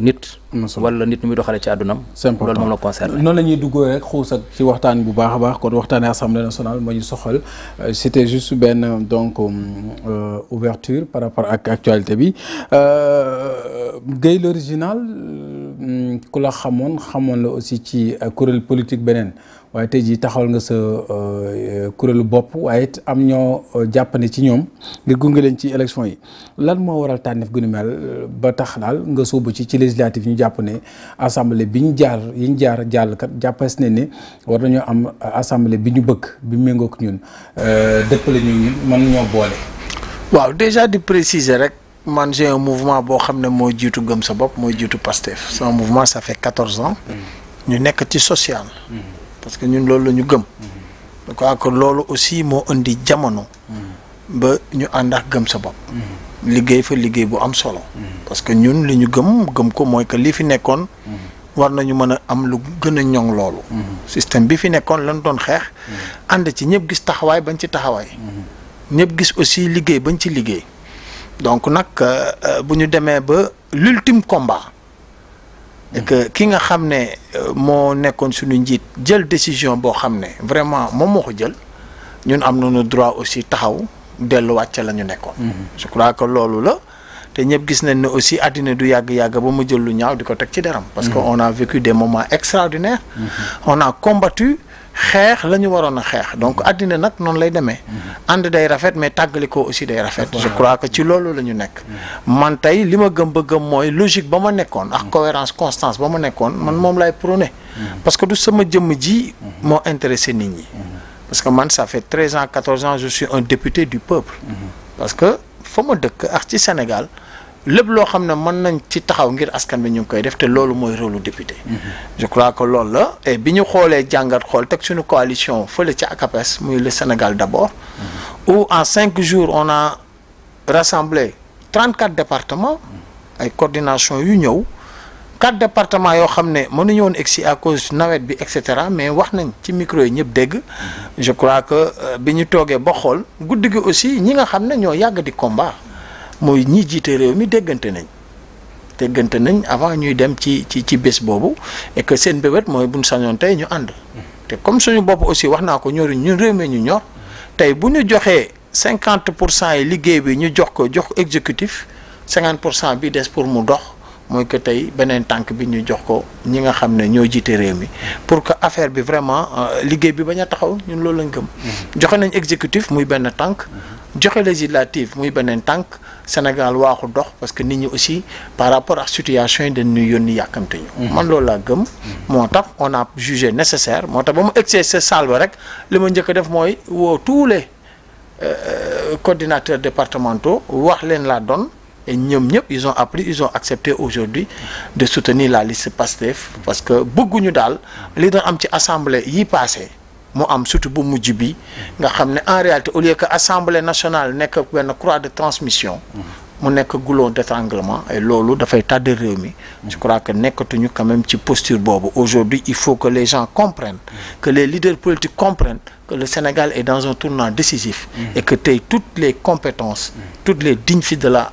nit. wala nit muy doxale ci àddunam. loolu moom la concerne non lañuy duggo rek xuus ak ci waxtaan bu baax baax kon waxtaanee assemblée nationale mo ñu soxal euh, c'était juste ben donc euh, euh, ouverture par rapport ak actualité bi euh Guèye l'original euh, kula xamone xamone xamoon la aussi ci kuréel politique benen waaye tey jii taxawal nga sa euh, kuréelu bopp waaye am ñoo euh, jàppane ci ñoom ngir gunge leen ci élection yi lan moo waral tànneef gu mel ba tax daal nga sóobu ci ci législative ñu jàpp ne assemblée bi ñu jaar yi ñu jaar jàll kat jàppas ne ne war nañoo am euh, assemblée bi ñu bëgg bi méngook ñun dëppale ñu ñun mën ñoo boole. waaw déjà di préciser rek. man j'ai un mouvement boo xam ne moo jiitu gëm sa bopp mooy jiitu Pastef sama mouvement ça fait quatorze ans mm. ñu nekk ci social mm. parce que ñun loolu la ñu gëm. je crois que loolu aussi moo indi jamono. ba ñu ànd ak gëm sa bopp. liggéey fa liggéey bu am solo. parce que ñun li ñu gëm gëm ko mooy que li fi nekkoon. war nañu mën a am lu gën a ñoŋ loolu. système bi fi nekkoon lan doon xeex. ànd ci ñëpp gis taxawaay bañ ci taxawaay. ñëpp gis aussi liggéey bañ ci liggéey. donc nag euh, euh, bu ñu demee ba l'ultime combat. que ki nga xamné ne euh, moo suñu njit jël décision pour xamné vraiment mon moko jël ñun amna no droit aussi taxaw delu waccé la ñu nekkoon. Mhm. je crois que lolu la té ñepp gis nañ ne aussi àddina du yag yag ba mu jël lu ñaaw diko tek ci deram. parce que mhm. on a vécu des moments extraordinaires. Mhm. on a combattu xeex la ñu waroon a xeex donc àddina nag noonu lay demee mhm. ànd day rafet mais tàggalikoo aussi day rafet je crois que ci loolu la ñu nekk mhm. man tey li ma gëm ba gëm mooy logique ba ma nekkoon ak mhm. cohérence constance ba ma nekkoon man moom lay prôné parce que du sama jëmm ji moo intéressé nit ñi parce que man ça fait treize ans quatorze ans je suis un député du peuple parce que fa ma dëkk ak ci Sénégal lepp loo xam ne mën nañ ci taxaw ngir askan bi ñu ngi koy def te loolu mooy rôle député. je crois que loolu la et bi ñu xoolee jàngat xool teg suñu coalition fële ci ACAPES muy le Sénégal d'abord. où en cinq jours on a rassemblé 34 départements. ay coordination yu ñëw. quatre départements yoo xam ne mënuñu woon egsi à cause nawet bi et cetera mais wax nañ ci micro yi ñëpp dégg je crois que euh, bi ñu toogee ba xool guddi gi aussi ñi nga xam ne ñoo yàgg di combat mooy ñi jiite réew mi déggante nañ déggante nañ avant ñuy dem ci ci ci bés boobu et que seen bébét mooy bu buñ sañoon tey ñu ànd te comme suñu bopp aussi wax naa ko ñoruñ ñun réew mi ñu ñor tey bu ñu joxee cinquante pour cent yi liggéey bi ñu jox ko jox ko exécutif cinquante pour cent bi des pour mu dox mooy que tey beneen tànk bi ñu jox ko ñi nga xam ne ñoo jiite réew mi pour que affaire bi vraiment euh, liggéey bi bañ a taxaw ñun loolu lañ gëm. Mm-hmm. joxe nañ exécutif muy benn tànk joxe législative muy tant tank, Sénégal waaxu dox parce que nous ñi aussi par rapport à la situation de new york yàkkamte ñu. Mhm. man loolu gëm. Mhm. on a jugé nécessaire moo tax excès mu egsee le salle ba rek li tous les euh, euh, coordinateurs départementaux wax leen l'a donne, et ñoom ñëpp ils ont appris ils ont accepté aujourd'hui de soutenir la liste PASTEF parce que bëgguñu Dal, les doon am ci assemblée yi passé am surtout en réalité au lieu que assemblée nationale nekk une croix de transmission mu nekk goulon d'étranglement et loolu un tàddal de mi je crois que tenu quand même ci posture aujourd'hui il faut que les gens comprennent que les leaders politiques comprennent que le Sénégal est dans un tournant décisif et que toutes les compétences toutes les dignes de la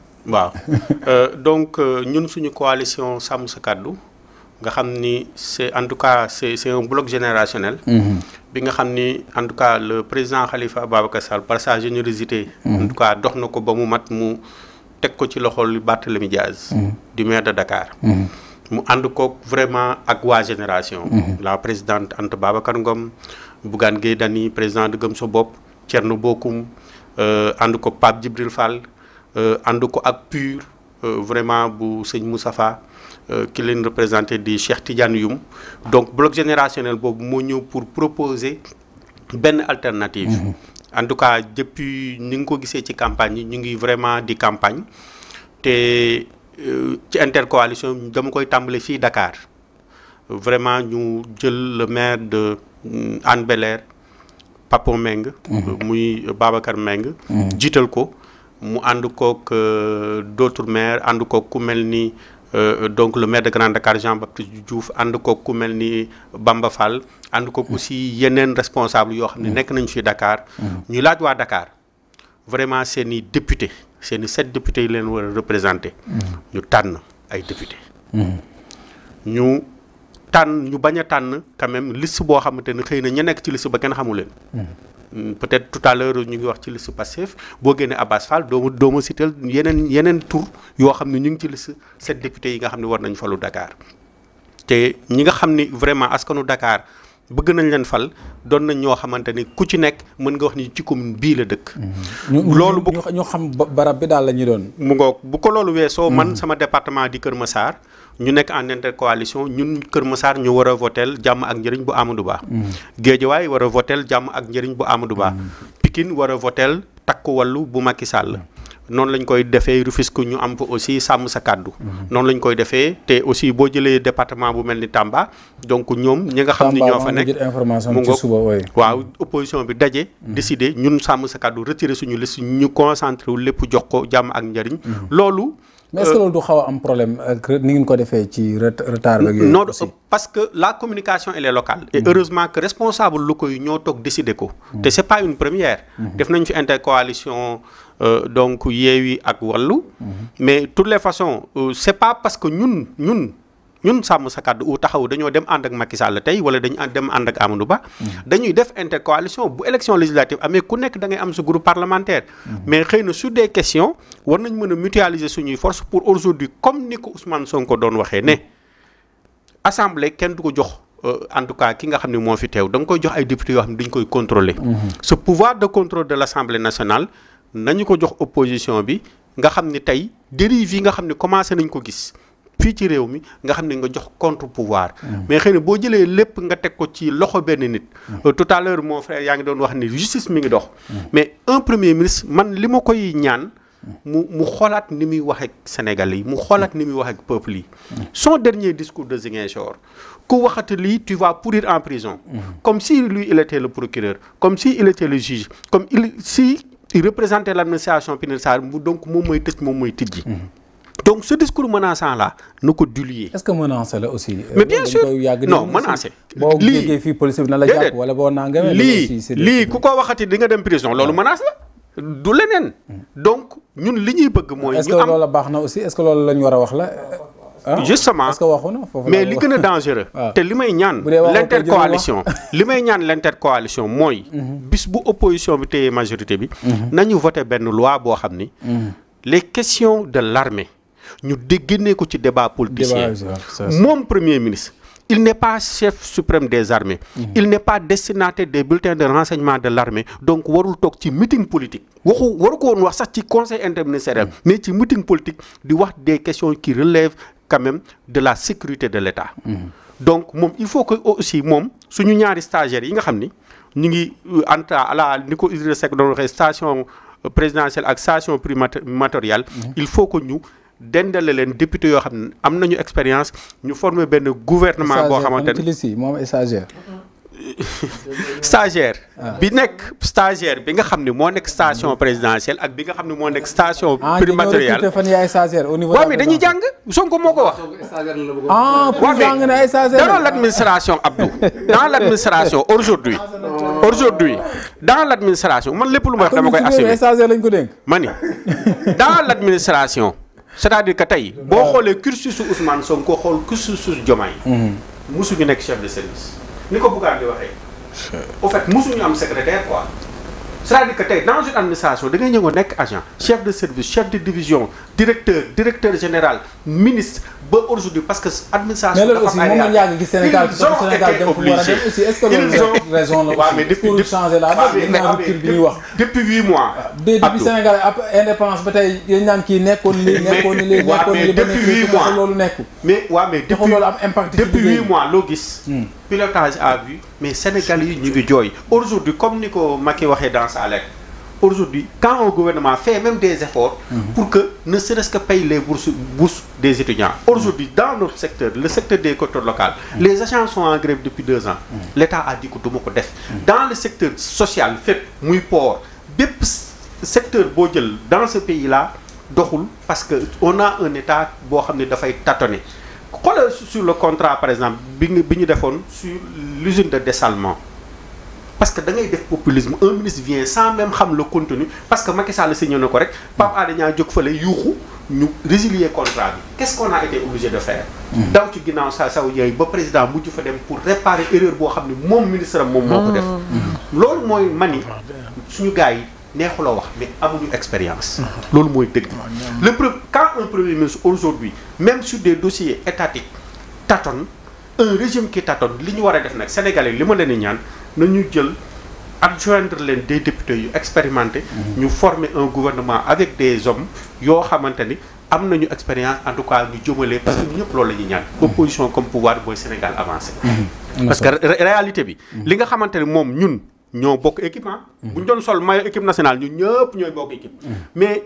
waaw euh, donc euh, ñun suñu coalition sàmm sa nga c'est en tout cas c'est un bloc générationnel. Mhm. bi nga xam ni en tout cas le président Khalifa Babacar Sall par sa générosité. Mhm. en tout cas dox na ko ba mu mat mu teg ko ci loxol du mhm. maire de Dakar. mu and ko vraiment ak wa génération. la présidente Anta Babacar Ngom Bougane Gueye Dany président de Gëm bop bopp bokum euh and ko Pape Djibril Fall. Euh, ànd ko ak PUR euh, vraiment bu Seigne Moussafa qui euh, les représenté des Cheikh Tidiane Youm donc bloc générationnel bobu mo pour proposer ben alternative. Mhm. en tout cas depuis ni nga ko gisee ci campagne nous ñu ngi vraiment di campagne te ci intercoalition dama koy tambalé fi Dakar vraiment ñu jël le maire de anne belair Papo Meng. Mhm. muy Babacar Meng. Mhm. jiital ko mu ànd koog euh, d'autres maires ànd ko ku euh, donc le maire de Grand Dakar Jean Baptiste Diouf ànd koog ku mel Bamba Fall. ànd koog mm. aussi yenen responsable yo xam ne mm. nekk ci Dakar. Mm. ñu laaj wa Dakar vraiment c'est ni député c'est ni sept députés yi leen war a représenté. ñu tànn ay député ñu tànn ñu baña a quand même liste bo xamante xeyna xëy nek ci liste ba kenn xamu Euh, peut-être tout à l'heure ñu ngi wax ci le sous passif bo génne Abbas Fall do do mo sitel yenen yenen tour yo xamni ñu ngi ci le sept députés yi nga xamni war nañ fallu Dakar té ñi nga xamni vraiment askanu Dakar bëgg nañ leen fal doon nañ ñoo xamanteni ku ci nekk mën nga wax ni ci commune bii la dëkk. Mm-hmm. loolu bu ñu xam barab bi daal lañu doon. mu ngok bu ko loolu weesoo man mm-hmm. sama département di Kër Massar. ñu nekk en intercoalition ñun Kër Massar ñu war a votel jàmm ak njëriñ bu Amadou Ba. Mm. Géejawaay war a votel jàmm ak njëriñ bu Amadou Ba. Mm. Pikine war a votel takku wallu bu Macky Sall. Mm. noonu lañ koy defee Rufisque ñu am fa aussi sàmm sa kàddu. noonu lañ koy defee te aussi boo jëlee département bu mel ni Tamba. donc ñoom ñi nga xam ni ñoo fa nekk mu ngoog waaw opposition bi daje. décider ñun sàmm sa kàddu retirer suñu liste ñu concentré wu lépp jox ko jàmm ak njëriñ. loolu. mais est-ce que problème retard non parce que la communication elle est locale et mhm. heureusement que responsable locaux ñoo tok décider ko mhm. c'est pas une première mhm. def intercoalition euh, donc Yewwi ak Wallu mais toutes les façons euh, c'est pas parce que nous, ñun sàmm sa kàddu u taxaw dañoo dem ànd ak Macky Sall tey wala dañu dem ànd ak Amadou Ba. Mm-hmm. dañuy def intercoalition bu élection législative amee ku nekk dangay am sa groupe parlementaire. Mm-hmm. mais xëy na su dee question war nañ mën a mutualiser suñuy force pour aujourd'hui comme ni ko Ousmane ko doon waxee ne. Mm-hmm. assemblée kenn du ko jox euh, en tout cas ki nga xam ne moo fi teew danga koy jox ay députés yoo xam ne dañu koy contrôler. ce pouvoir de contrôle de l' assemblée nationale nañu ko jox opposition bi nga xam ne tey dérive yi nga xam ne commencé nañ ko gis. fii ci réew mi nga xam ne nga jox contre pouvoir mm. mais xëy na boo jëlee lépp nga teg ko ci loxo benn nit mm. euh, tout à l'heure mon frère yaa ngi doon wax ni justice mi ngi dox mm. mais un premier ministre man li ma koy ñaan mu mu xoolaat ni muy wax ak Sénégalais yi mu xoolaat ni muy wax ak peuple yi son dernier discours de Ziguinchor ku waxati lii tu vas pourrir en prison comme si lui il était le procureur comme si il était le juge comme il si il représentait l'administration pénitentiaire mu donc moom mooy tëj moom mooy tijji donc ce discours menaçant là nous du lier. est-ce que menace là aussi. Euh, mais bien sûr non menacé. les, li, li, ko waxati di nga dem prison menace la. du mm. donc nous, li est-ce que l'a aussi est-ce que hein? justement est-ce que waxu mais dangereux. te l'intercoalition l'intercoalition c'est mm-hmm. bis bu opposition bi majorité bi. Mm-hmm. nañu voté loi pour mm-hmm. les questions de l'armée nous génnee ko ci débat politique. mon premier ministre il n'est pas chef suprême des armées mhm. il n'est pas destinataire des bulletins de renseignement de l'armée donc warul toog ci meeting politique Il faut ko woon wax ci conseil interministériel mhm. mais ci meeting politique di wax des questions qui relèvent quand même de la sécurité de l'État mhm. donc il faut que aussi nous suñu ñaari stagiaires yi nga xam ni ngi euh, station euh, présidentielle la station primatoriale il faut que nous dendale leen député yoo xam ne am nañu expérience ñu former benn gouvernement boo xamante ne moom stagiaire stagiaire ah. bi nekk stagiaire bi nga xam ni moo nekk station présidentielle ak bi nga xam ne moo nekk station ah, primatoriale waaw mais dañuy jàng Sonko moo ko wax ah, waaw mais dans l'administration Abdou dans l'administration aujourd'hui aujourd'hui dans l'administration man lépp lu ma wax dama koy assumer ma ni dans l'administration c'est-à-dire que tey boo xoolee cursus su Ousmane Sonko xool cursus su Diomaye. Mhm. musuñu nekk chef de service ni ko Bougane di waxee. au fait musuñu am secrétaire quoi. Cela dit, que dans une administration, vous avez un agent, chef de service, chef de division, directeur, directeur général, ministre, aujourd'hui, parce que l'administration de la aussi, femme aérienne, ils ont été obligés. Ils ont été obligés. Est-ce que vous avez raison là depuis, pour changer la date Depuis 8 mois. Depuis 8 mois. Depuis Sénégal, indépendance, peut-être, il y a des gens qui ne connaissent pas. Depuis 8 mois. Ah, mais depuis 8 mois, l'Ogis pilotage a vu, mais Sénégal yi ñu ngi joy. aujourd'hui comme Nico dans sa lettre aujourd'hui quand le gouvernement fait même des efforts mhm. pour que ne serait-ce que payer les bourses, des étudiants aujourd'hui dans notre secteur le secteur des collectivités locales mhm. les agents sont en grève depuis deux ans mhm. l'État a dit que ko def dans le secteur social fait muy pour, secteur dans ce pays là parce que on a un état qui a fait sur le contrat par exemple sur l'usine de dessalement parce que dans ngay populisme un ministre vient sans même xam le contenu parce que Macky Sall signé pas si rek Pape Alé Niang jóg fële yuuxu ñu résilier contrat qu'est-ce qu'on a été obligé de faire hmm. dans tu ginnaaw ça, ça ba président mujj fa dem pour réparer erreur de xamni mom ministre mom mon def hmm. mani hmm. suñu mais la wax mais amuñu expérience. loolu moy deug le quand un premier ministre aujourd'hui même sur des dossiers étatiques tâtonne un régime qui tâtonne liñu wara def nak sénégalais li ma leen ñaan nañu jël adjoindre des députés yu expérimentés. ñu former un gouvernement avec des hommes yo xamante am nañu expérience en tout cas ñu jëmale parce que ñepp lolu lañu ñaan. opposition comme pouvoir boy Sénégal avancer. Mm-hmm. parce que réalité bi. Mm-hmm. li nga xamante mom ñun. Nous avons beaucoup hein. Nous nous doon sol équipe nationale nous, ñëpp ñoy bonne équipe. Mhm. mais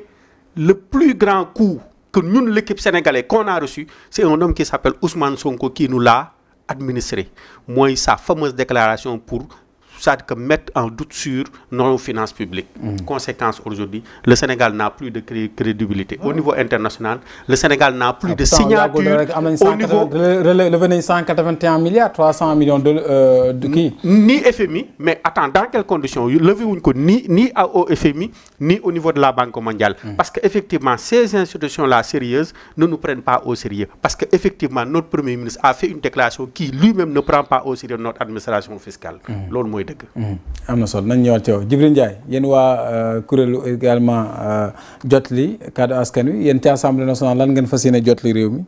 le plus grand coup que nous l'équipe sénégalaise qu'on a reçu c'est un homme qui s'appelle Ousmane Sonko qui nous l'a administré moy sa fameuse déclaration pour ça que mettre en doute sur nos finances publiques. Mm. Conséquence aujourd'hui, le Sénégal n'a plus de crédibilité. Au niveau international, le Sénégal n'a plus ah, de signature. Au niveau... 181 milliards, 300 millions de, euh, qui Ni FMI, mais attends, dans quelles conditions levez ni, ni au FMI, ni au niveau de la Banque mondiale. Mm. Parce qu'effectivement, ces institutions-là sérieuses ne nous prennent pas au sérieux. Parce qu'effectivement, notre Premier ministre a fait une déclaration qui lui-même ne prend pas au sérieux notre administration fiscale. Mm. L'autre mooy dëgg. Mm-hmm. am na solo nañ ñëwaat ci yow Djibril Ndiaye yéen waa euh, kuréelu également euh, jotli kaddu askan wi yéen ci assemblée nationale lan ngeen fas yéene jotli réew mi.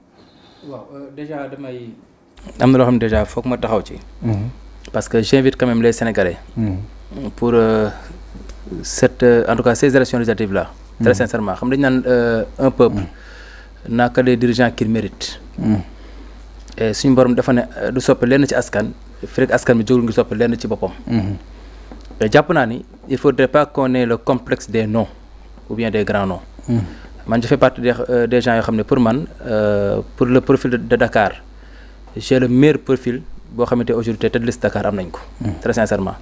waaw euh, déjà damay. am na loo xam ne déjà foog ma taxaw ci. Mm-hmm. parce que j'invite quand même les Sénégalais. Mmh. pour euh, en tout cas ces élections législatives là. très mmh. xam dañu naan un peuple. Mm-hmm. n'a que les dirigeants qu'il mérite. et suñu borom dafa du soppe lenn ci askan. Mhm. Il askan bi ngi ci faudrait pas qu'on ait le complexe des noms ou bien des grands noms. Mhm. je fais partie des euh, gens qui ont pour moi, euh, pour le profil de Dakar j'ai le meilleur profil pour xamante aujourd'hui tête de liste Dakar mhm. très sincèrement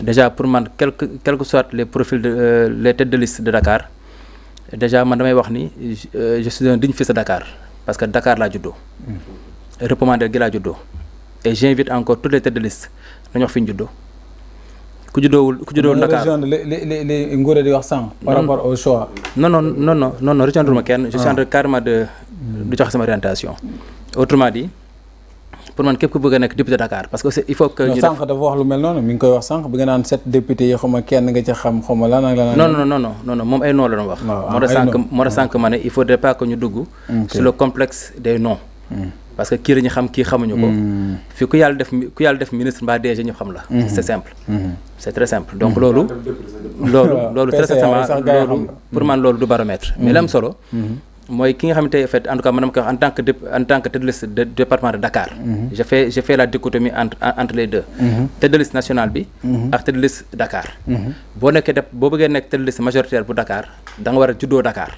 déjà pour moi, quel que quel soit les profils de euh, les têtes de liste de Dakar déjà je suis un digne fils de Dakar parce que Dakar laa judo. recommandé gi la judo et j'invite encore toutes les têtes de liste nañu wax fi ñu juddoo ku juddoowul ku juddoowul Dakar les Ngoré di wax sànq. par rapport au choix. non non non non non non rejoindre ma kenn. je suis ah. en train carrément de du joxe sama orientation. autrement dit pour man képp ku bëgg nek nekk député Dakar parce que il faut que. ñu sank dafa wax lu mel non mi ngi koy wax sank bi nga naan sept députés yi xaw kenn nga ci xam xaw ma lan ak lan. non non non non non mom ay non la doon wax. Ah, mo ay noms mo tax sànq moo il faudrait pas que ñu dugg. sur le complexe des noms. Hmm parce que qui hmm. est ministre la. Hmm. simple. Hmm. C'est très simple donc loolu. pour moi baromètre. mais solo. Moi qui fait en tant que en tant que tête de département de Dakar. j'ai fait la dichotomie entre les deux. tête de liste nationale bi. de Dakar. Si vous bo tête de majoritaire pour Dakar da nga wara Dakar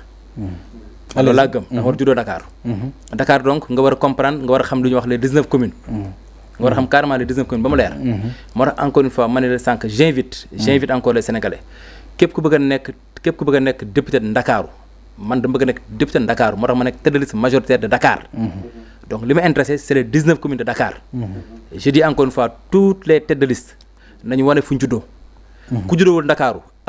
loolu laa gëm ndax mhm. war juddoo Dakar mhm. Dakar donc nga war comprendre nga war a xam lu wax les dix neuf communes mhm. nga war a xam carrément les dix neuf communes ba mu leer encore une fois ma ne la j'invite j'invite encore les Sénégalais képp ku bëgg a nekk képp ku bëgg a nekk député de Dakar? man dama bëgg a nekk député de Ndakaaru moo tax ma nekk de majoritaire de Dakar donc li ma intéressé c'est les 19 communes de Dakar je dis encore une fois toutes les têtes de liste nañu wane fu ñu juddoo ku juddoowul Ndakaaru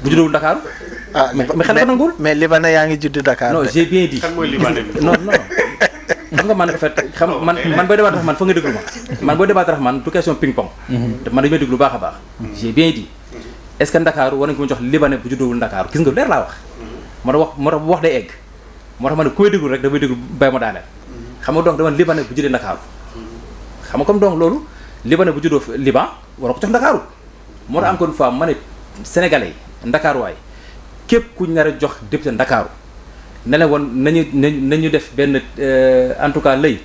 bu juddewul Dakar. ah mais mais mais Libanais yaa ngi judd Dakar. non j'ai bien man en fait xam man man booy débattre man fa man booy débattre man du question ping pong. Mhm. man dañu may déglu baax a baax. j'ai bien dit est-ce que Dakar war nañu ko jox Libanais bu juddewul Dakar gis nga leer laa wax. moo tax wax moo tax wax day egg moo tax ma ne ku may déglu rek damay déglu bay ma daaneel. xam nga donc dama Libanais bu juddee Dakar. xam nga comme loolu Libanais bu juddoo Liban war ko jox Dakar moo tax encore une ma ne sénégalais ndakaaruwaay képp ku nar a jox député ndakaaru ne la woon nañu nañu def benn euh, en tout cas lëy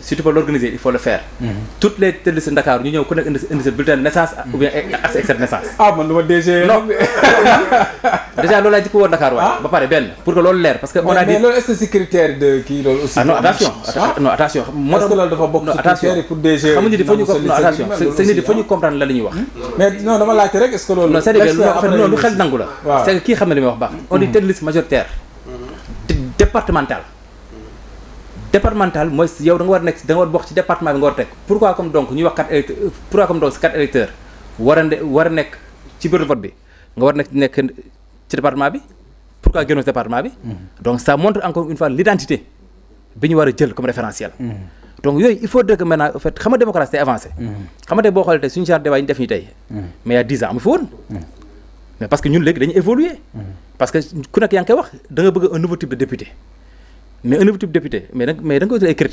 si tu peux l'organiser il faut le faire. Mm-hmm. toutes les télés de Dakar nous avons bulletin naissance. Mm-hmm. ou bien e, naissance. ah man je déjà que je Dakar ah. pour que parce que. on dit mais est-ce que de ah, non ah. attention non attention. ce que pour DG. non attention c'est comprendre mais non est-ce que non cest non c'est que qui on dit hmm. majoritaire hmm. départementale départemental mooy yow da nga war nekk da nga war bokk ci département bi nga war teg pourquoi comme donc war a war a nekk ci bureau de vote bi nga war nekk nekk ci département bi pourquoi bi. Mm-hmm. donc ça montre encore une l'identité bi ñu war a jël comme référentiel. Mm-hmm. donc yooyu il faut que maintenant en fait xam nga démocratie avancé. Mm-hmm. xam nga tey boo xoolee tey suñu genre débat yi ñu def nii tey. mais il a dix ans amu fi woon. parce que ñun léegi dañu évoluer parce que ku nekk yaa wax da bëgg un mais un type député mais da mais da nga koy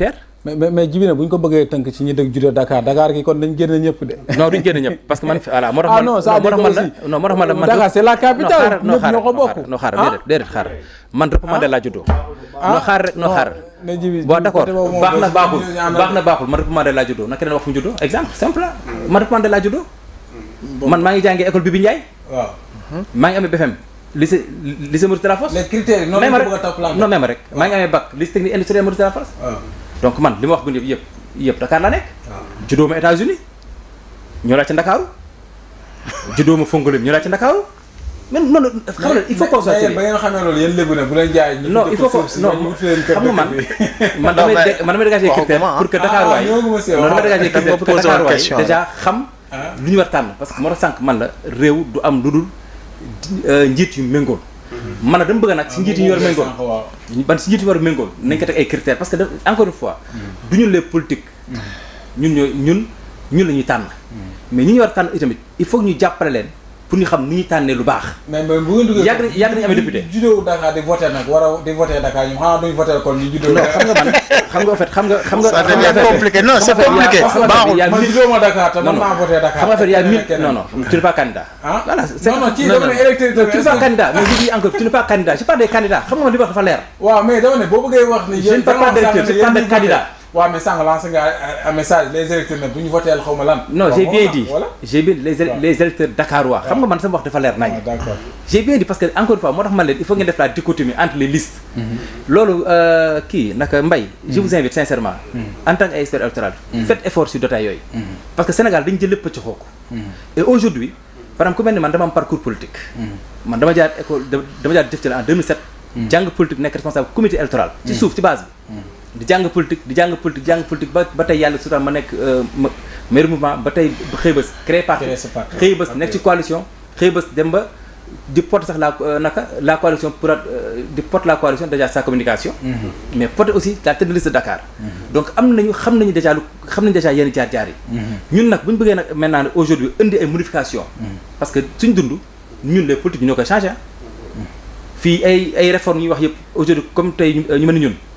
mais mais bu ñu ko bëggee tënk ci ñi dëkk juddoo Dakar Dakar gi kon dañ génn ñëpp de. non duñ génn ñëpp parce que man. voilà moo tax ah man ah non ça dégg aussi moo tax man la man. Dakar c'est la capitale ñëpp ñoo ko bokk. non rek non ah. xaaral. na Djibi baax na baaxul baax na baaxul man recommandé laa juddoo la wax fu mu juddoo exemple simple la. man recommandé laa juddoo. man maa ngi jàngee école Bibi Ndiaye. waaw maa ngi amee lise lycée Mauritanie Fos. mais critères yi noonu bëgg a non même rek maa ngi amee bac lycée technique industrielle Mauritanie Fos. donc man li ma wax bu yëpp yëpp Dakar laa nekk. juddoo ma États-Unis ñoo laa ci Ndakaaru juddoo ma Fongolim ñoo laa ci Ndakaaru. mais non xam nga il faut qu'on soit ba ngeen xamee loolu yéen lébu ne bu leen jaay non il faut que non xam nga man man damay man damay dégager critère pour que Dakar non damay dégager critère pour que Dakar waay déjà xam lu ñu war tànn parce que moo tax man la du am dudul. Euh, njiit yu méngool mhm. man na dama bëgg nag si njiit yu war ah, méngool ban si njiit yu war méngool nañ ko teg ay critères parce que encore une fois mhm. du ñun les politiques mhm. ñun ñooy ñun ñun la ñuy tànn mais ñu ñu war tànn itamit il faut ñu jàppale leen pour ñu xam ni ñuy tànnee lu baax. mais mais amee député. juddoo Dakar di voté nag war a di voté Dakar ñoom xanaa xam nga man xam nga xam nga. xam xam nga xam nga en fait y a mille non pas candidat. ah non pas candidat mais je dis encore tu pas candidat je parle des candidats xam nga man li wax dafa leer. waaw mais dama ne boo bëggee wax ni. je pas d'électeur je parle de candidat waa mais lancé euh, un message les électeurs ne vont pas voter xaw non j'ai bien dit j'ai bien les les électeurs dakarois Je nga man sama wax dafa leer ah, j'ai bien dit parce que encore une fois moi il faut ngeen def la dichotomie entre les listes. Mhm. Lolo qui euh, naka Mbaye. Mhm. je vous invite sincèrement. Mhm. en tant qu'expert électoral. faites effort sur Dota yooyu. parce que Sénégal dañu jël a ci et aujourd'hui par exemple ku mel ni man parcours politique. man dama en 2007. je politique responsable responsable comité électoral. ci souffres ci base di jàng politique di jàng politique di jàng politique ba ba tey yàlla sutal ma nekk euh, ma maire mouvement ba tey xëy bés créé parti xëy bés nekk ci coalition xëy dem ba di porte sax la euh, naka la coalition pour euh, di porte la coalition déjà sa communication mhm. mais porte aussi la tête de liste de mhm. donc am nañu xam nañu déjà lu xam nañu déjà yenn jaar-jaar yi mhm. ñun nag bu ñu bëggee nag maintenant aujourd'hui indi ay modification parce que suñ dund ñun les politiques ñu ñoo fii ay ay réformes ñu wax yëpp aujourd'hui comme tey ñu mel ni ñun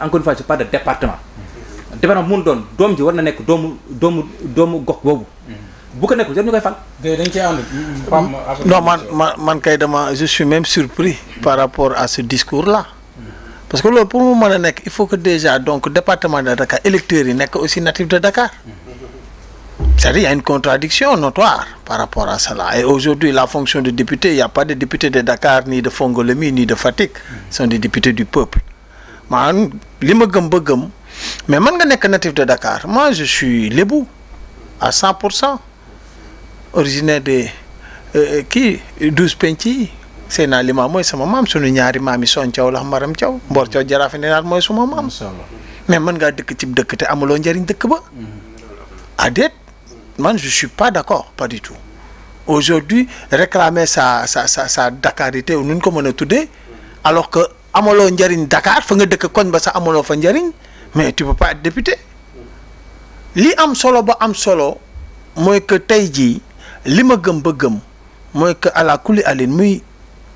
encore une fois je parle de département département man man je suis même surpris par rapport à ce discours là parce que pour le moment, il faut que déjà donc département de Dakar électeurs aussi natif de Dakar c'est-à-dire qu'il y a une contradiction notoire par rapport à cela. Et aujourd'hui, la fonction de député, il n'y a pas de député de Dakar, ni de Fongolemi, ni de Fatik. Ce sont des députés du peuple man lima gëm ba gëm mais man nga nek natif de Dakar moi je suis lébou à 100% originaire de kii euh, euh, douze penc yi seen naa li maam sama maam sunu ñaari mami yi Son Thiaw la Maram Thiaw Mbor Thiaw Jaraaf ne daal mooy suma maam mais man nga dëkk ci dëkk te amuloo njëriñ dëkk ba mhm. adeet man je suis pas d'accord pas du tout aujourd'hui réclamer sa sa sa sa dakarité ou nu ñu ko mën a alors que amaloo njëriñ Dakar fa nga dëkk koñ ba sa amaloo fa njariñ mais tu peux pas li am solo ba am solo mooy que tey jii li ma gëm ba gëm mooy que ala kulli aline muy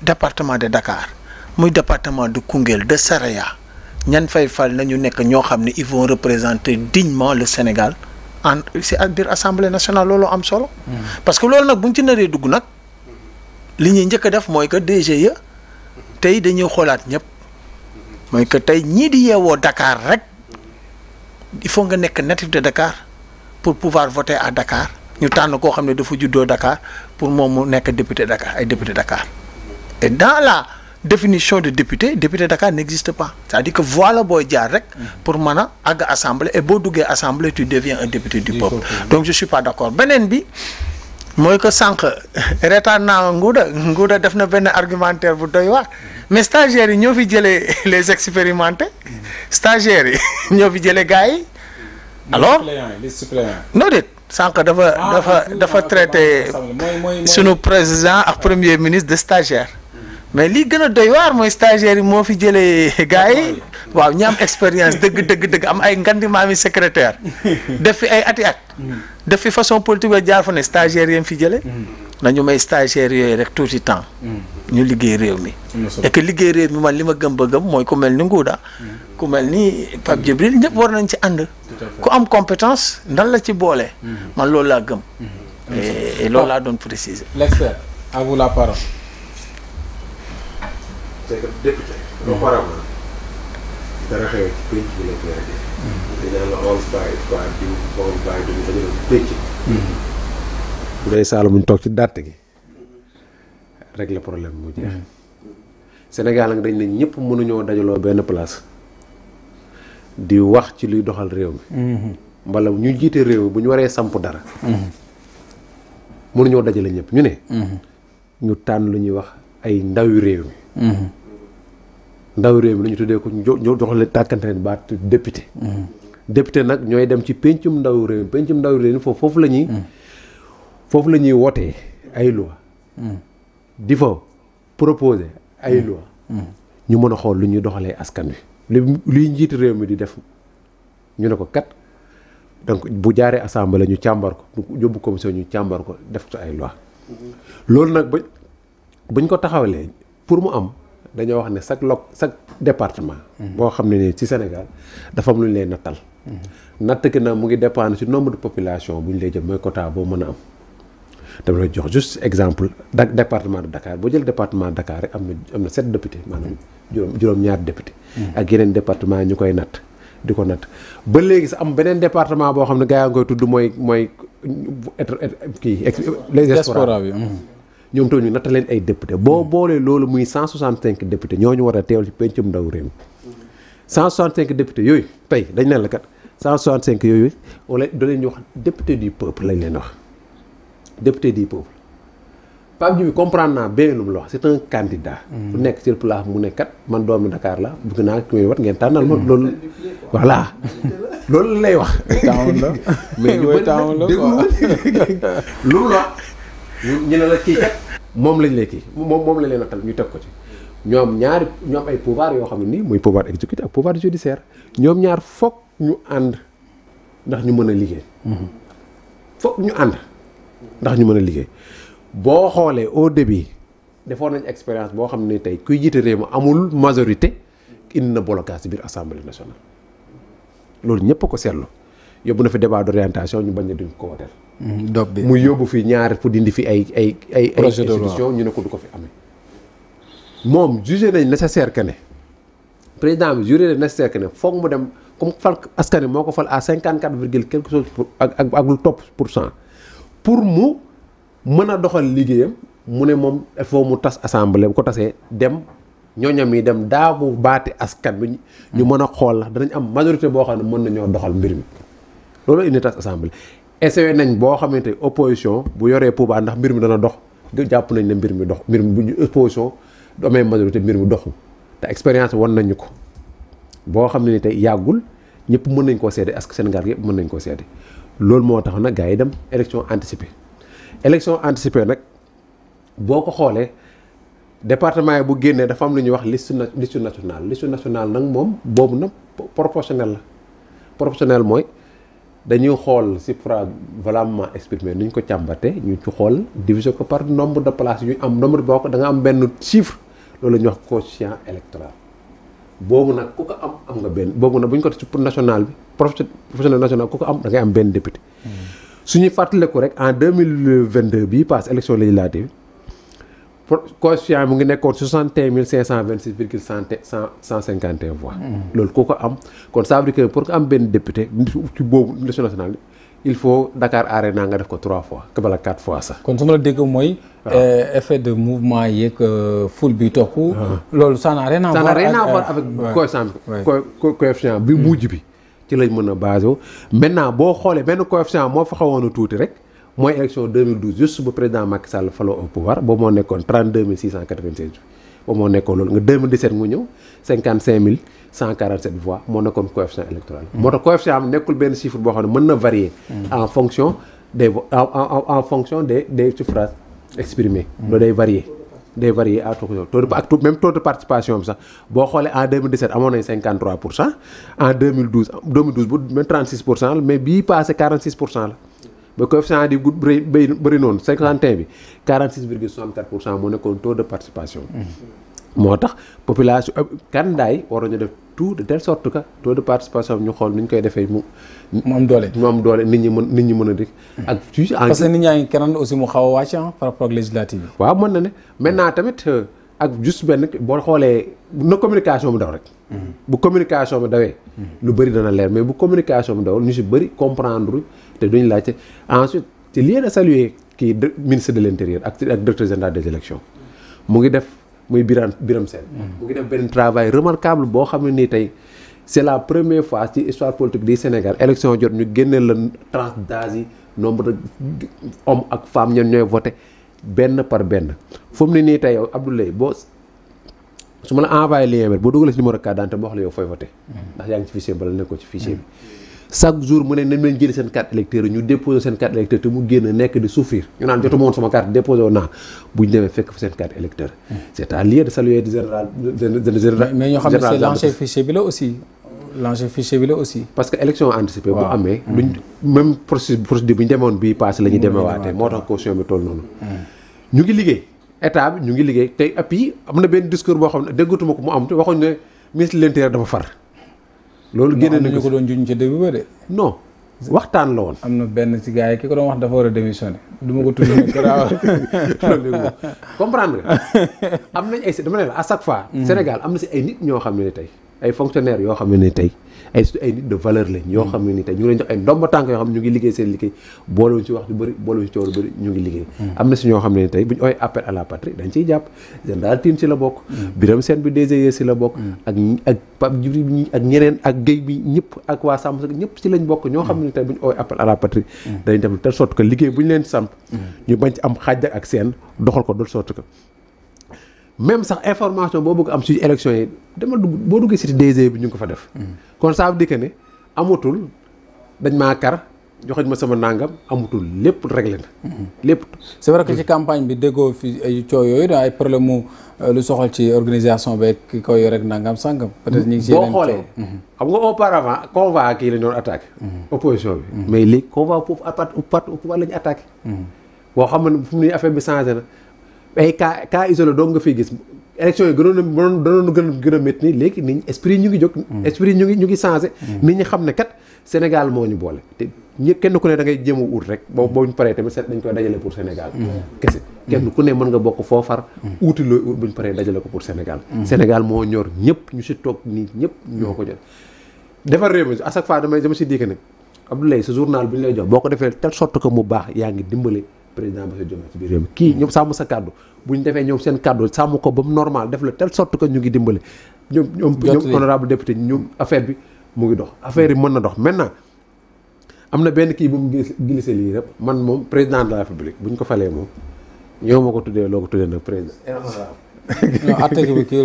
département de Dakar muy département de Koungheul de Saraya ñan fay fal nañu nekk ñoo xam ne ils vont représenter dignement le Sénégal en si biir assemblée nationale loolu am solo. Mm-hmm. parce que loolu nag bu ñu ci naree dugg nag. li ñuy njëkk def mooy que DGE. tey dañuy xoolaat ñëpp mooy que tey ñii di yeewoo dakaar rek il faut nga nekk natif de Dakar pour pouvoir voter à Dakar ñu tànn koo xam ne dafa juddoo Dakar pour moom mu nekk député Dakar ay député Dakar et dans la définition de député député Dakar n'existe pas c'est-à-dire que voilà booy jaar rek pour mën a àgg assemblée et boo duggee assemblée tu deviens un député du peuple donc je suis pas d'accord beneen bi mooy ko sànq reetaan naa Ngouda Ngouda def na benn argumentaire bu doy waar mais stagiaires yi ñoo fi jëlee les expérimentés stagiaires yi ñoo fi jëlee gars yi alors non déet sànq dafa dafa dafa traité sunu président ak premier ministre de stagiaire mais lii gën a doy waar mooy stagiaire yi moo fi jëlee gars yi waaw ñi am expérience dëgg dëgg dëgg am ay ngandi maami secrétaire def fi ay ati at def fi façon politique ba jaar fa ne stagiaire yam fi jëlee nañu may stagiaire yooyu rek tuuti temps ñu liggéey réew mi et que liggéey réew mi man li ma gëm ba gëm mooy ku mel ni Ngouda ku mel nii Pape Djibril ñëpp war nañ ci ànd ku am compétence nan la ci boole mm-hmm. man loolu laa gëm mm-hmm. et laa doon préciser l'expert à c'est que député auparavant dara xew ci penc bi lañ koy rajee dañ naan la onze baay quoi diw bon baay dañ ko jëloon penc bu dee saalum ñu toog ci dàtt gi rek la problème mu jeex sénégal nag dañ ne ñëpp mënuñoo dajaloo benn place di wax ci luy doxal réew hmm. mi mbala ñu jiite réew mi bu ñu waree samp dara hmm. mënuñoo dajale ñëpp ñu ne ñu hmm. tànn lu ñuy wax ay ndawi réew mi Mm-hmm. ndaw réew mi la ñu tuddee ko jox leen tàkkante leen baat député mm-hmm. député nag ñooy dem ci péncum ndaw réew mi péncum ndaw réew mi foofu foofu la ñuy mm-hmm. foofu la ñuy wotee ay loi di fa proposer ay loi ñu mën a xool lu ñuy doxalee askan wi luy njiit réew mi di def ñu ne ko kat donc bu jaaree assemblée ñu càmbar ko yóbbu commission ñu càmbar ko def ko ay loi loolu nag ba buñ ko taxawalee pour mu am dañoo wax ne chaque lo chaque département. boo xam ne nii ci Sénégal dafa am lu ñu lee nattal. natt ki nag mu ngi dépendre ci nombre de population bu ñu lay jël mooy quota boo mën a am. dama lay jox juste exemple dak département de Dakar boo jël département de Dakar rek am na am na sept députés maanaam juróom juróom ñaari député. ak yeneen département ñu koy natt di ko natt ba léegi sax am beneen département boo xam ne gaa yaa ngi koy tudd mooy mooy kii. diaspora bi mhm. ñoom tamit ñu natta leen ay deputé boo hmm. boolee loolu muy 165 député ñoo ñu war a teewal ci pencum ndaw réew mi 165 hmm. député yooyu tey dañ leen la kat cinq yooyu wala da leen ñu wax député du peuple lañ leen wax député du peuple Pape Djibi comprendre naa bien lu mu la wax c'est un candidat. Hmm. ku nekk sur place mu nekkat man doomi Dakar la bëgg naa ki may wat ngeen tànnal ma loolu. voilà loolu lay wax. taawun la mais ñu ne la kii moom lañ lay kii moom moom lañ leen natal ñu teg ko ci ñoom ñaari ñoom ay pouvoir yoo xam ne nii muy pouvoir exécutif ak pouvoir judiciaire ñoom ñaar foog ñu ànd ndax ñu mën a liggéey foog ñu ànd ndax ñu mën a liggéey boo xoolee au début defoon nañ expérience boo xam ne tey kuy jiite réew mi amul majorité indi na blocage ci biir assemblée nationale loolu ñëpp ko seetlu yóbbu na fi débat d'orientation ñu bañ a duñ ko wooteel dob bi mu yóbbu fi ñaar pour dindi fi ay ay ay ay institution ñu ne ko du ko fi amee moom jugé nañ nécessaire que ne président bi juré nañ nécessaire que ne foog mu dem comme falk askan moo ko fal à cinquante quatre virgule quelque chose pour ak ak ak lu topp pour cent pour mu mën a doxal liggéeyam mu ne moom il mu tas assemblée bu ko tasee dem ñooñam yi dem daabu baati askan bi ñu mm. mën a xool danañ am majorité boo xam ne mën nañoo doxal mbir mi loolu indi tas assemblée essayé nañ boo xamante opposition bu yoree pouvoir ndax mbir mi dana dox jàpp nañ ne mbir mi dox mbir mi bu opposition du amee majorité mbir mi doxul te expérience wan nañu ko boo xam ne ni tey yàggul ñëpp mën nañ koo seede parce que Sénégal yëpp mën nañ koo seede loolu moo tax nag gaa yi dem élection anticipée élection anticipée nag boo ko xoolee département yi bu génnee dafa am lu ñu wax liste liste nationale liste nationale nag moom boobu nag proportionnel la proportionnel mooy dañuy xool CIPFRA valablement exprimé ni ñu ko càmbate ñu ci xool diviser ko par nombre de places yu am nombre boo ko da nga am benn chiffre loolu la ñuy wax quotient électoral boobu nag ku ko am am nga benn boobu nag bu ñu ko ci pour national bi professionnel national ku ko am da ngay am benn député. Hmm. su ñu fàttaliku rek en deux mille vingt deux bii passe élection législative coefficient mu ngi nekkoon soixante et voix. loolu ko ko am kon ça veut dire que pour que am benn député ci boobu national nationale il faut Dakar Arena nga def ko 3 fois que bala quatre fois sax. kon su ma la dégg mooy. Ah. Eh, effet de mouvement yeeg euh, foule bi topp. Ah. loolu ça n'a rien à voir euh, avec coefficient bi co coefficient bi hmm. mujj bi ci lañ mën a basé maintenant boo xoolee benn coefficient moo fa xawoon a tuuti rek. Moi élection 2012 juste le président Macky Sall fallo au pouvoir bo mo nekkoon 32 696 mo moo nekkoon nga 2017 mu ñëw 55147 voix mo nekkoon coefficient électoral. Mm. moo tax coefficient am nekkul ben chiffre bo xam ne mën varier. Mm. en fonction des en en en fonction des des suffrages exprimés. do mm. day varier. day varier à tout taux de même taux de participation bi sax boo xoolee en 2017 amoon nañ 53 pour cent en 2012 2012 bu même 36 pour cent mais bii passé 46 pour cent ba coefficient di gudd bëri bëri noonu 51 bi 46 virgule 64 pour cent moo nekkoon taux de participation. Mm-hmm. moo tax population euh, candidat waroon ñu def tout de telle sorte que taux de participation bi ñu xool nu ñu koy defee mu. mu am doole mu am doole nit ñi mën nit ñi mën a dégg. Mm-hmm. ak tuuti en parce que nit ñaa ngi keneen aussi mu xaw a wàcc ah, par rapport ak législative bi. mën na ne maintenant tamit. Euh, ak juste ben bo communication bu daw rek. Hmm. bu communication bu hmm. lu bari dana mais bu communication comprendre te duñ ensuite lieu de saluer ministre de l'Intérieur ak directeur général des élections mu ngi def muy hmm. travail remarquable C'est C'est la première fois ci histoire politique du Sénégal élection jot ñu gënël la trans nombre d'hommes femmes voté. benn par benn fu mu ne nii tey Abdoulaye boo su ma la envoyé lien bi boo dugalee si numéro carte d'identité ma wax la yow fooy voté ndax yaa ngi ci fichier bala nekk ko ci fichier bi chaque jour mu ne nekk di souffrir ñu naan jotuma woon sama carte naa bu demee fekk fa seen carte électeur hmm. c'est à lieu de saluer général mais ñoo xam ne c'est l'ancien fichier bi la aussi l'enjeu fichier bi la aussi. parce que élection anticipée. bu amee mm. luñ même procédure procédure bi ñu demoon bii passé la ñuy mm. moo tax caution bi toll noonu. Mm. ñu ngi liggéey état bi ñu ngi liggéey tey appui am na benn discours boo xam ne déggatuma ko mu am te waxuñ ne ministre de l'intérieur far. loolu génne nañ ko ko doon juñ ci début ba waxtaan woon. am na benn ci gars yi ki ko doon wax dafa war a démissionner. du ma ko tudd nag. comprendre nga am nañ ay dama ne la à chaque fois. Sénégal am na si ay nit ñoo xam ne tey. ay fonctionnaires yoo xam ne ni tey ay ay nit de valeur lañ yoo xam ne ni tey ñu ngi leen jox ay ndomba tànk yoo xam ne ñu ngi liggéey seen liggéey boolewuñ ci wax ju bëri boolewuñ ci coow lu hmm. ñoo xam ne ni tey bu ñu ooy appel à la patrie dañ ciy jàpp général Tine la bokk Birame Sène bi DGE si la bokk hmm. hmm. ak ak Pape Djibril ak ñeneen ak Guèye bi ñëpp ak waa Sàmm Sa ñëpp si lañ bokk ñoo xam ne ni tey bu ñu ooy la patrie dañ def de telle que liggéey bu ñu leen samp ñu bañ ci am xaaj ak seen doxal ko de sorte que même sax information boo bëgg am ci élection yi dama bo boo ci site DG bi ñu ngi ko fa def. kon ça veut dire que né amutul dañ ma kar joxoñ ma sama nangam amutul lepp réglé na. lepp c'est vrai que ci campagne bi dégo fi ay coow yooyu da ay problème mu lu soxal ci organisation beeg ki koy yore nangam sangam. peut-être ñu ci si yeneen xam nga auparavant convoi kii la ñu doon attaqué. opposition bi. mais léegi convoi foofu à part au pouvoir la ñu attaqué. boo xam na fu ñu affaire bi changer na. ay cas cas isolé doom nga fiy gis élection yi gënoon a doon gën a gën a métti nii léegi nit ñi esprit ñu ngi jóg. Mm. esprit ñu ngi ñu ngi changé. Mm. nit ñi xam ne kat Sénégal moo ñu boole te ñë kenn ku ne da ngay jéem ut rek. boo boo ñu paree tamit dañ koy dajale pour Sénégal. Mm. kese kenn ku ne mën nga bokk foofar. uuti looy ut bu ñu paree dajale ko pour Sénégal. Sénégal moo ñor ñëpp ñu si toog nii ñëpp ñoo ko jot. defar réew mi à chaque fois damay dama si dikk ne Abdoulaye sa journal bi ñu lay jox boo ko defee te sorte ko mu baax yaa ngi dimbale président Bassirou Diomaye ci biir réew mi kii ñoom sàmm sa kàddu bu ñu defee ñoom seen kàddu sàmm ko ba mu normal def la telle sorte que ñu ngi dimbale ñoom ñoom ñoom honorable député ñoom affaire bi mu ngi dox affaire yi mën na dox maintenant am na benn kii bu mu glissé lii rek man moom président la république bu ñu ko falee ñoo ma ko tuddee loo ko tuddee nag bi kii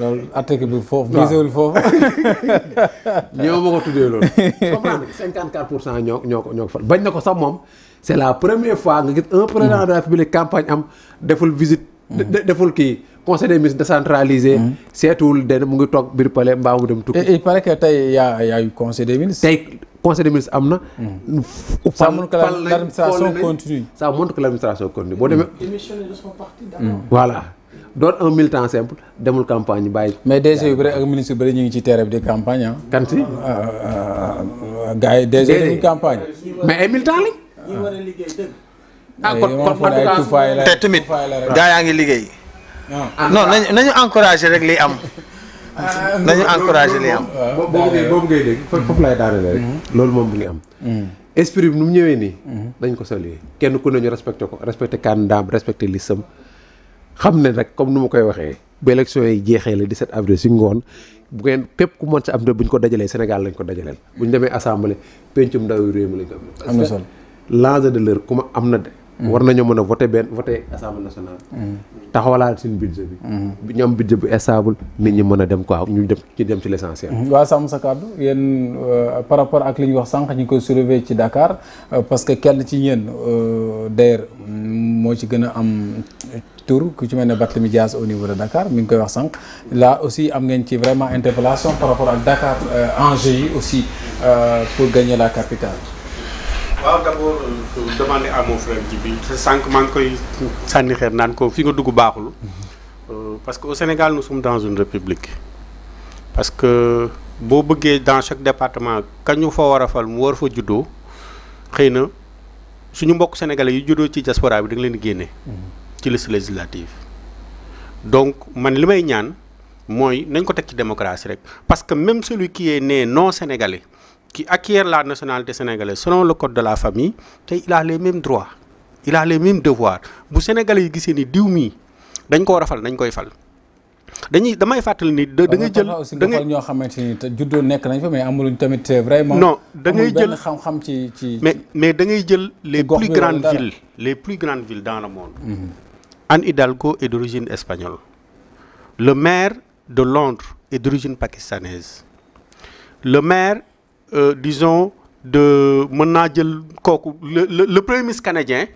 loolu bi foofu biseul foofu ko tuddee loolu comprendre cinquante cent ñoo ñoo ko ñoo ko fal bañ na ko sax moom c'est la première fois nga gis un président de la République campagne am deful visite deful qui conseil des ministres décentralisé. Mm-hmm. seetuwul de mu ngi tok bir palais mbaa dem tukki. il paraît que tey yaa yaa eu conseil des ministres. tay conseil des ministres amna na. Mm-hmm. ça montre que l'administration continue. ça montre que l'administration continue boo demee. démissionné de son parti mm-hmm. voilà donne un militant simple demul campagne bàyyi. mais DG yu ak ministre bari bëri ñu ngi ci terrain de di campagne ah. kan si. Ah, ah, ah, gars déjà DG campagne. mais ay militant ñi war a liggéey dëgg. ah eh, kon kon yaa ngi liggéey. Ah. Ah. non nañu nañu rek li am. Ah, nañu encouragé li am. boobu boobu ngay dégg foofu mm-hmm. loolu moom bu ngi am. Mm-hmm. esprit bi nu mu ñëwee nii. Mm-hmm. dañ ko saluer kenn ku ne ñu respecté ko respecté kandaam respecté lisam xam ne rek comme nu ma koy waxee bu élection yi jeexee di 17 avril si ngoon bu ngeen képp ku mën sa am te buñ ko dajalee Sénégal lañ ko dajaleel bu ñu demee assemblée pencum ndaw yu réew mi lañ ko am. am na sol l'enjeu de l'heure ku am na de. Mm. war nañoo mën a voté benn voté assemblée nationale. Mm. taxawalaal suñu budget mm. bi. ñu am bu stable nit ñu mën a dem ko quoi ñu dem ci dem ci l' essentiel. Mm-hmm. waaw sàmm sa kàddu yéen euh, par rapport ak li ñu wax sànq ñu ngi koy soulever ci dakaar euh, parce que kenn ci yéen euh, d'ailleurs moo ci gën a am tur ku ci mel ne Barthélémy Dias au niveau de dakaar mu ngi koy wax sànq là aussi am ngeen ci vraiment interpellation par rapport ak Dakar enjeu yi aussi pour gagner la capitale. waaw d' abord euh, demander à mon frère Djibi sànq que ngi koy sànni xeer naan ko fi nga dugg baaxul euh, parce qu'au Sénégal nous sommes dans une république parce que vous bëggee dans chaque département kañu fa war a fal mu war fa juddoo xëy na suñu mbokk sénégalais yu juddoo ci diaspora bi da nga leen di génne ci liste législative donc man li may ñaan mooy nañ ko ci démocratie rek parce que même celui qui est né non sénégalais qui acquiert la nationalité sénégalaise selon le code de la famille il a les mêmes droits il a les mêmes devoirs les sénégalais qui sont dañ dañ koy dañuy damay ni da jël da ñoo euh, vraiment. non mais les plus grandes villes les plus grandes villes dans le monde. Mhm. Hidalgo est d'origine espagnole. Le maire de Londres est d'origine pakistanaise. Le maire euh, disons de le premier ministre canadien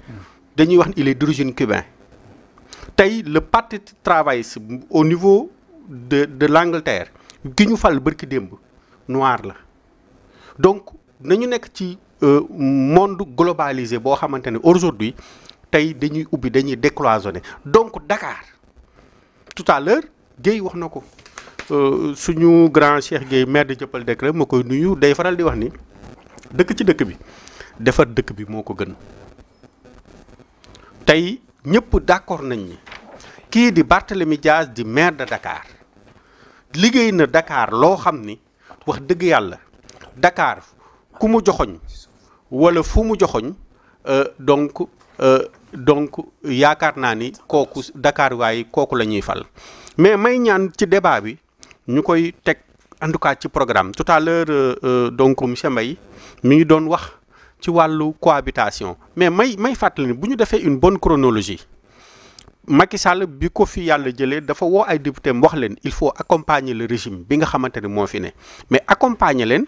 il est d'origine cubain le parti travaille au niveau de de l'Angleterre il a fait le démb noir là. donc sommes dans ci euh, monde globalisé aujourd'hui nous sommes ubbi donc Dakar tout à l'heure il wax dit. Euh, suñu grand Cheikh Gueye maire de Dieuppeul Derklé ma koy nuyu day faral di wax ni dëkk ci dëkk bi defar dëkk bi moo ko gën tey ñëpp d'accord nañ ni kii di Barthélemy Dias di maire de Dakar liggéey na dakaar loo xam ni wax dëgg yàlla Dakar ku mu joxoñ wala fu mu joxoñ euh, donc euh, donc yaakaar naa ni kooku Dakar waaye kooku la ñuy fal mais may ñaan ci débat bi ñu koy teg en tout cas ci programme tout à l'heure euh, euh, donc monsieur Mbaye mi ngi doon wax ci wàllu cohabitation mais may may fàttali ni bu ñu defee une bonne chronologie Macky Sall bi ko fi yàlla jëlee dafa woo ay député wax leen il faut accompagner le régime bi nga xamante ne moo fi ne mais accompagner leen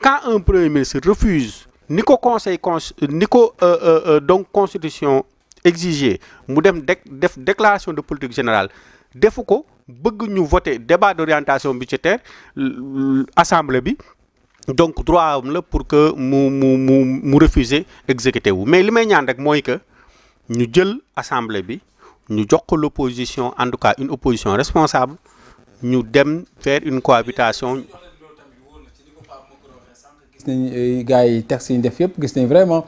quand un premier ministre refuse ni ko conseil con ni ko euh, euh, donc constitution exigé mu dem def déclaration de politique générale defu ko nous ñu voter débat d'orientation budgétaire assemblée bi donc droit à pour que mu mu mu exécuter wu mais limay qui ñaan rek moy que ñu jël assemblée bi ñu jox l'opposition en tout cas une opposition responsable nous devons faire une cohabitation gis nañ eh, gars yi def vraiment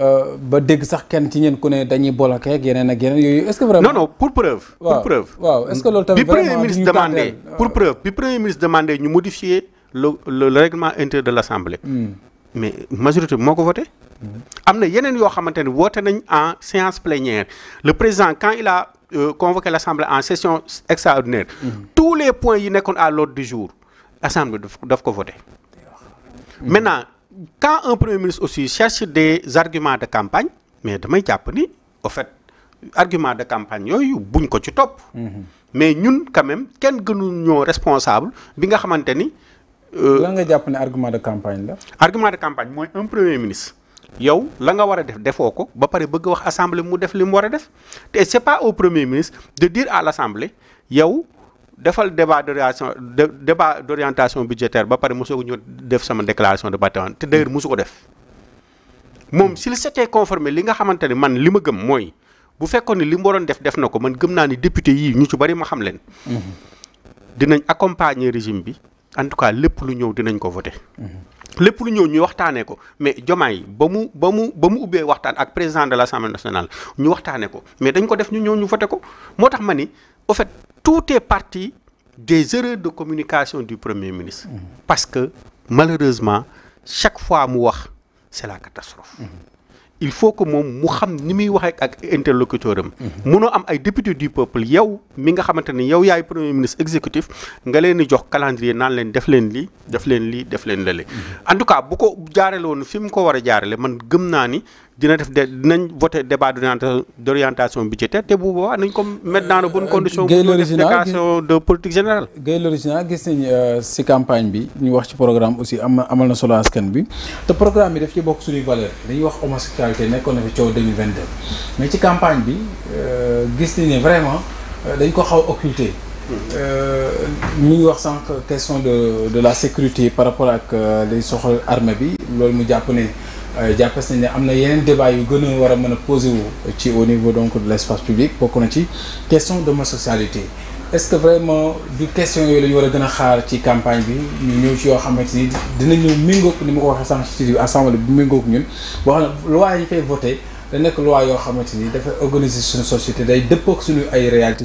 euh, ba dégg sax kenn ci ñeen ku ne dañuy bloqué ak yeneen ak yeneen est-ce que vraiment. non non pour preuve. pour preuve waaw est-ce que loolu bi premier ministre demandé pour preuve bi premier ministre demandé de modifier le règlement intérieur de l'Assemblée. Hmm. mais majorité bi moo voté. Hmm. am na yeneen yoo xamante ne nañ en séance plénière le président quand il a euh, convoqué l'Assemblée en session extraordinaire. Hmm. tous les points qui sont à l'ordre du jour l'assemblée daf voter Mm-hmm. maintenant quand un premier ministre aussi cherche des arguments de campagne mais damay jàpp ni au fait argument de campagne a buñ ko ci top, mm-hmm. mais nous, quand même est gënu ñoo responsable bi nga xamante ni. Euh, lan nga argument de campagne là. argument de campagne moi, un premier ministre. yow la nga war a def defoo de ba pare bëgg wax assemblée mu def li mu c'est pas au premier ministre de dire à l'assemblée yow. defal débat d'orientation débat d'orientation budgétaire ba pare mosoo ñu def sama déclaration de patrimoine te d'ailleurs mosu ko def moom si hmm. s'il sete conformé li nga xamante ne man li ma gëm mooy bu fekkoon ne li mu waroon def def na ko man gëm naa ni député yii ñu ci bari ma xam leen. Hmm. dinañ accompagner régime bi en tout cas lépp lu ñëw dinañ ko voter. Hmm. lépp lu ñëw ñu waxtaanee ko mais Diomaye ba mu ba mu ba mu ubbee waxtaan ak président de l'Assemblée nationale ñu waxtaanee ko mais dañ ko def ñu ñëw ñu voter ko moo tax ma ni au tout est parti des erreurs de communication du Premier ministre. Parce que malheureusement, chaque fois mu wax c'est la catastrophe. il faut que mon mu xam ni ak interlocuteur am. mënoo am ay député du peuple yow mi nga yow yaay premier ministre exécutif nga leen di jox calendrier nan leen def leen li def def en tout cas bu ko jaarale won fim ko wara man gëm dina def dinañ voter débat d'orientation budgétaire té bu boobaa nañ ko mettre dans de bonnes euh, conditions. Guèye l'original déclaration de politique générale. Guèye l'original gis nañ ci euh, campagne bi ñu wax ci programme aussi am amal na solo askan bi té programme bi daf ci bokk suñuy valeur dañuy wax homosexualité nekkoon na fi ciow 2022 mais ci campagne bi euh, gis nañ ne vraiment dañ ko xaw occulter occulté. ñu ngi wax sànq question de de la sécurité par rapport ak day soxal armée bi loolu mu jàpp ne. Je pense qu'il y débat qui est posé au niveau de l'espace public qu'on question ci question socialité. est-ce que vraiment la question de la avons a campagne bi ci nous nous, de ni nous loi yi fay voté da loi qui fait organiser une société day réalités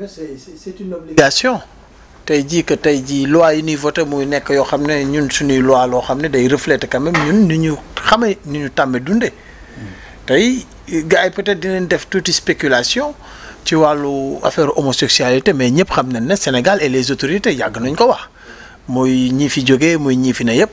mais c'est une obligation. tey jii que tey jii loi yi ñuy voté muy nekk yoo xam ne ñun suñuy loi loo xam ne day refléter quand même ñun nu ñu xamee nu ñu tàmmee dundee tey gars yi peut-être dinañ def tuuti spéculation ci wàllu affaire homosexualité mais ñëpp xam nañ ne Sénégal et les autorités yàgg nañ ko wax muy ñi fi jógee muy ñi fi ne yëpp.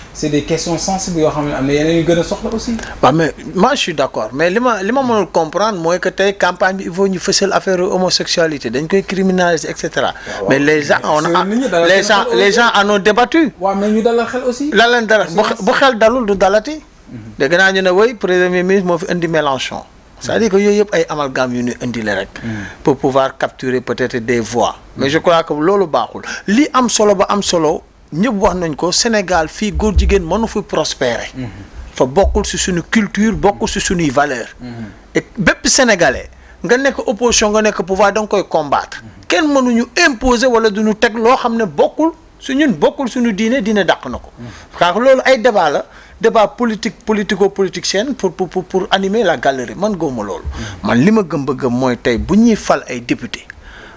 c'est des questions sensibles mais il y am a yeneen yu aussi. bah mais moi je suis d'accord. mais li ma le comprendre mooy que tey campagne bi vont nous ñu fësal affaire homosexualité dañ koy criminaliser etc mais les gens on a les gens les gens en ont débattu. ouais mais ñu dalal xel aussi. lan dans dara bu xel dalul du dalati. Mhm. dégg naa ñu ne woy premier ministre moo fi indi Mélenchon. c'est-à-dire que yooyu yëpp ay amalgame yu ñu indi la rek. Mhm. pour pouvoir capturer peut-être des voix. mais je crois que loolu baaxul li am solo ba am solo ñëpp wax nañ ko Sénégal fii góor jigéen mënu fi prospérer. Mhm. fa bokkul si suñu culture bokkul si suñuy valeur mhm. et bépp sénégalais nga nekk opposition nga nekk pouvoir da nga koy combattre. Mhm. kenn mënuñu imposer wala du ñu teg loo xam ne bokkul su ñun bokkul suñu diine diine dàq na ko. car loolu ay débat la débat politique politico politicienne pour pour pour animer la galerie man gëmuma loolu. man li ma gëm ba gëm mooy tey fal ay député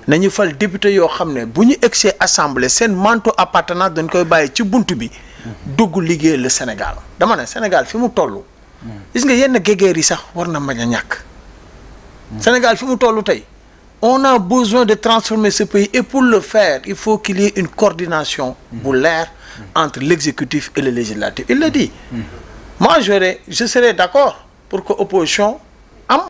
nañu fal député yo xamné buñu bu assemblée sen manteau appartenance dañ koy bàyyi ci buntu bi dugg liggéey le Sénégal dama né Sénégal fi mu toll gis nga yenn guéguerre yi sax warna na ñak Sénégal fi mu tay. on a besoin de transformer ce pays et pour le faire il faut qu'il y ait une coordination bu entre l'exécutif et le législatif il le dit mm. moi je serais je serais d'accord pour que opposition